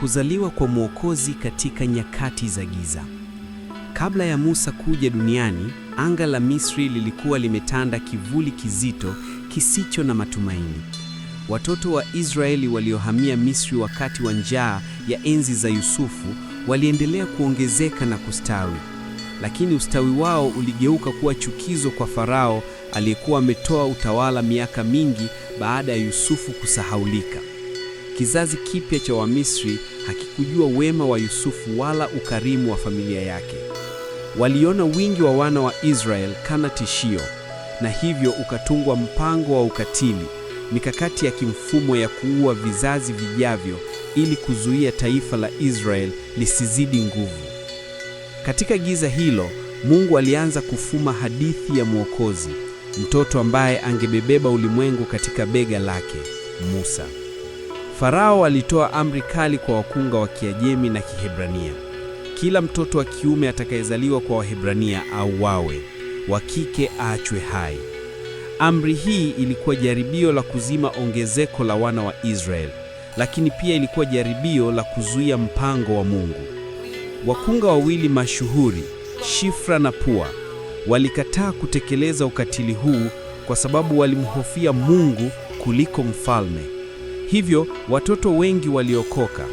Kuzaliwa kwa Mwokozi katika nyakati za giza. Kabla ya Musa kuja duniani, anga la Misri lilikuwa limetanda kivuli kizito kisicho na matumaini. Watoto wa Israeli waliohamia Misri wakati wa njaa ya enzi za Yusufu waliendelea kuongezeka na kustawi, lakini ustawi wao uligeuka kuwa chukizo kwa Farao aliyekuwa ametoa utawala miaka mingi baada ya Yusufu kusahaulika. Kizazi kipya cha Wamisri hakikujua wema wa Yusufu wala ukarimu wa familia yake. Waliona wingi wa wana wa Israeli kana tishio, na hivyo ukatungwa mpango wa ukatili, mikakati ya kimfumo ya kuua vizazi vijavyo ili kuzuia taifa la Israeli lisizidi nguvu. Katika giza hilo, Mungu alianza kufuma hadithi ya Mwokozi, mtoto ambaye angebebeba ulimwengu katika bega lake, Musa. Farao alitoa amri kali kwa wakunga wa Kiajemi na Kihebrania. Kila mtoto wa kiume atakayezaliwa kwa Wahebrania wawe wa kike aachwe hai. Amri hii ilikuwa jaribio la kuzima ongezeko la wana wa Israeli, lakini pia ilikuwa jaribio la kuzuia mpango wa Mungu. Wakunga wawili mashuhuri, Shifra na Pua, walikataa kutekeleza ukatili huu kwa sababu walimhofia Mungu kuliko mfalme. Hivyo watoto wengi waliokoka,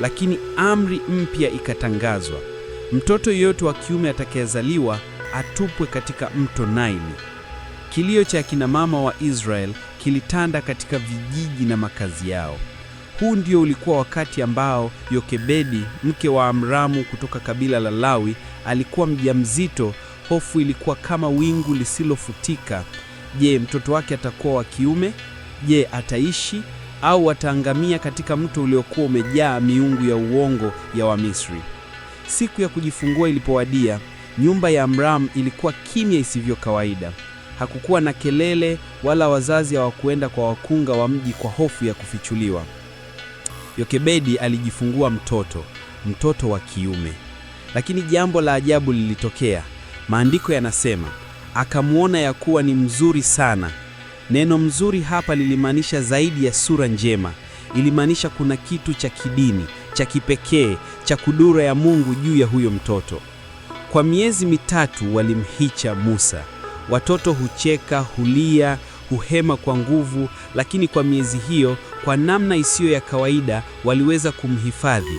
lakini amri mpya ikatangazwa: mtoto yeyote wa kiume atakayezaliwa atupwe katika mto Naili. Kilio cha kina mama wa Israel kilitanda katika vijiji na makazi yao. Huu ndio ulikuwa wakati ambao Yokebedi, mke wa Amramu kutoka kabila la Lawi, alikuwa mjamzito. Hofu ilikuwa kama wingu lisilofutika. Je, mtoto wake atakuwa wa kiume? Je, ataishi? au wataangamia katika mto uliokuwa umejaa miungu ya uongo ya Wamisri. Siku ya kujifungua ilipowadia, nyumba ya Amram ilikuwa kimya isivyo kawaida. Hakukuwa na kelele wala wazazi hawakuenda kwa wakunga wa mji kwa hofu ya kufichuliwa. Yokebedi alijifungua mtoto, mtoto wa kiume. Lakini jambo la ajabu lilitokea. Maandiko yanasema, akamwona ya kuwa ni mzuri sana Neno mzuri hapa lilimaanisha zaidi ya sura njema, ilimaanisha kuna kitu cha kidini, cha kipekee, cha kudura ya Mungu juu ya huyo mtoto. Kwa miezi mitatu walimhicha Musa. Watoto hucheka, hulia, huhema kwa nguvu, lakini kwa miezi hiyo, kwa namna isiyo ya kawaida, waliweza kumhifadhi.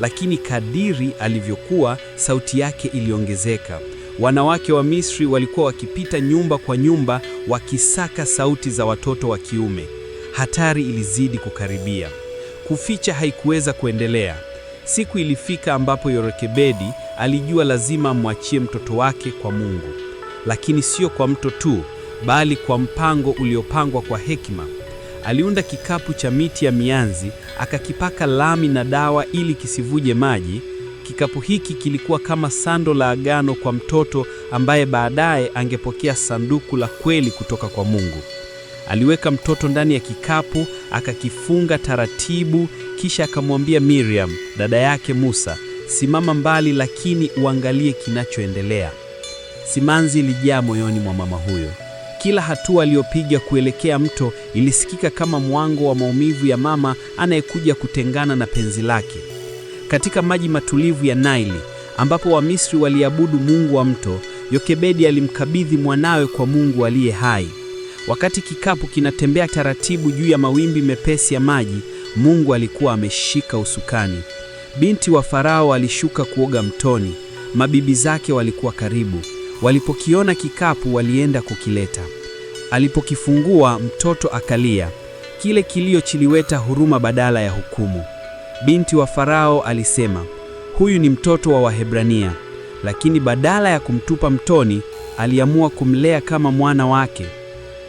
Lakini kadiri alivyokuwa, sauti yake iliongezeka. Wanawake wa Misri walikuwa wakipita nyumba kwa nyumba wakisaka sauti za watoto wa kiume. Hatari ilizidi kukaribia. Kuficha haikuweza kuendelea. Siku ilifika ambapo Yorekebedi alijua lazima amwachie mtoto wake kwa Mungu, lakini sio kwa mto tu, bali kwa mpango uliopangwa kwa hekima. Aliunda kikapu cha miti ya mianzi, akakipaka lami na dawa ili kisivuje maji. Kikapu hiki kilikuwa kama sando la agano kwa mtoto ambaye baadaye angepokea sanduku la kweli kutoka kwa Mungu. Aliweka mtoto ndani ya kikapu, akakifunga taratibu, kisha akamwambia Miriam, dada yake Musa, simama mbali lakini uangalie kinachoendelea. Simanzi ilijaa moyoni mwa mama huyo. Kila hatua aliyopiga kuelekea mto ilisikika kama mwango wa maumivu ya mama anayekuja kutengana na penzi lake katika maji matulivu ya Naili ambapo Wamisri waliabudu mungu wa mto, Yokebedi alimkabidhi mwanawe kwa Mungu aliye hai. Wakati kikapu kinatembea taratibu juu ya mawimbi mepesi ya maji, Mungu alikuwa ameshika usukani. Binti wa Farao alishuka kuoga mtoni. Mabibi zake walikuwa karibu. Walipokiona kikapu, walienda kukileta. Alipokifungua, mtoto akalia. Kile kilio chiliweta huruma badala ya hukumu binti wa Farao alisema, huyu ni mtoto wa Wahebrania, lakini badala ya kumtupa mtoni, aliamua kumlea kama mwana wake.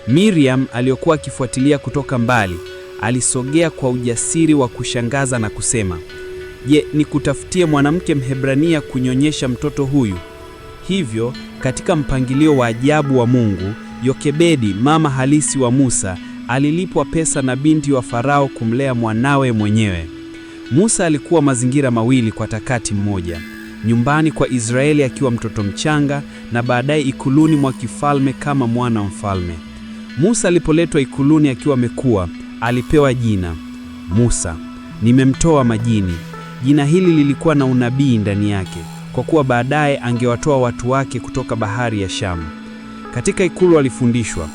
Miriam aliyokuwa akifuatilia kutoka mbali, alisogea kwa ujasiri wa kushangaza na kusema, Je, nikutafutie mwanamke Mhebrania kunyonyesha mtoto huyu? Hivyo, katika mpangilio wa ajabu wa Mungu, Yokebedi, mama halisi wa Musa, alilipwa pesa na binti wa Farao kumlea mwanawe mwenyewe. Musa alikuwa mazingira mawili kwa wakati mmoja: nyumbani kwa Israeli akiwa mtoto mchanga na baadaye ikuluni mwa kifalme kama mwana wa mfalme. Musa alipoletwa ikuluni akiwa amekua, alipewa jina Musa, nimemtoa majini. Jina hili lilikuwa na unabii ndani yake, kwa kuwa baadaye angewatoa watu wake kutoka bahari ya Shamu. Katika ikulu alifundishwa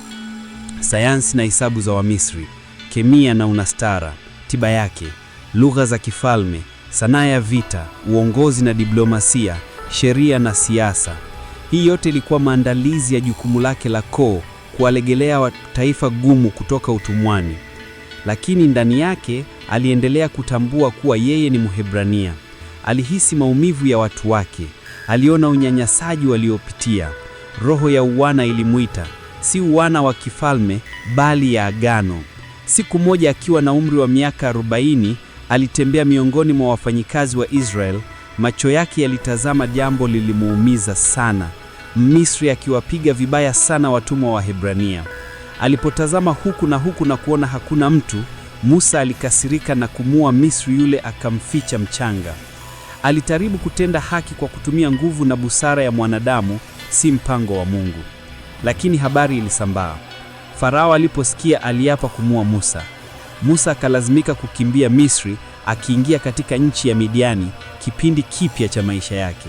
sayansi na hesabu za Wamisri, kemia na unastara, tiba yake lugha za kifalme, sanaa ya vita, uongozi na diplomasia, sheria na siasa. Hii yote ilikuwa maandalizi ya jukumu lake la koo, kuwalegelea taifa gumu kutoka utumwani. Lakini ndani yake aliendelea kutambua kuwa yeye ni Mhebrania. Alihisi maumivu ya watu wake, aliona unyanyasaji waliopitia. Roho ya uwana ilimwita, si uwana wa kifalme, bali ya agano. Siku moja akiwa na umri wa miaka 40, Alitembea miongoni mwa wafanyikazi wa Israel, macho yake yalitazama jambo lilimuumiza sana. Misri akiwapiga vibaya sana watumwa wa Hebrania. Alipotazama huku na huku na kuona hakuna mtu, Musa alikasirika na kumua Misri yule akamficha mchanga. Alitaribu kutenda haki kwa kutumia nguvu na busara ya mwanadamu, si mpango wa Mungu. Lakini habari ilisambaa. Farao aliposikia aliapa kumua Musa. Musa akalazimika kukimbia Misri akiingia katika nchi ya Midiani, kipindi kipya cha maisha yake.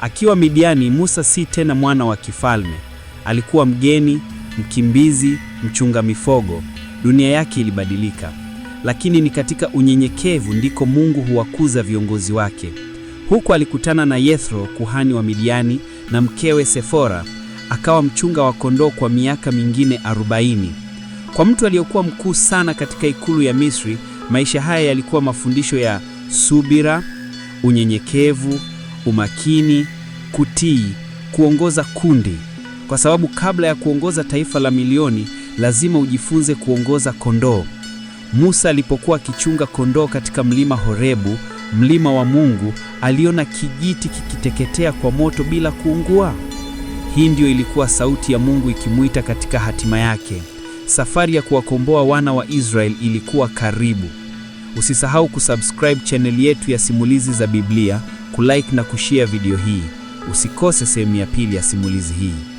Akiwa Midiani, Musa si tena mwana wa kifalme. Alikuwa mgeni, mkimbizi, mchunga mifugo. Dunia yake ilibadilika, lakini ni katika unyenyekevu ndiko Mungu huwakuza viongozi wake. Huko alikutana na Yethro, kuhani wa Midiani, na mkewe Sefora, akawa mchunga wa kondoo kwa miaka mingine arobaini. Kwa mtu aliyekuwa mkuu sana katika ikulu ya Misri, maisha haya yalikuwa mafundisho ya subira, unyenyekevu, umakini, kutii, kuongoza kundi, kwa sababu kabla ya kuongoza taifa la milioni lazima ujifunze kuongoza kondoo. Musa alipokuwa akichunga kondoo katika mlima Horebu, mlima wa Mungu, aliona kijiti kikiteketea kwa moto bila kuungua. Hii ndiyo ilikuwa sauti ya Mungu ikimwita katika hatima yake. Safari ya kuwakomboa wana wa Israel ilikuwa karibu. Usisahau kusubscribe chaneli yetu ya Simulizi za Biblia, kulike na kushare video hii. Usikose sehemu ya pili ya simulizi hii.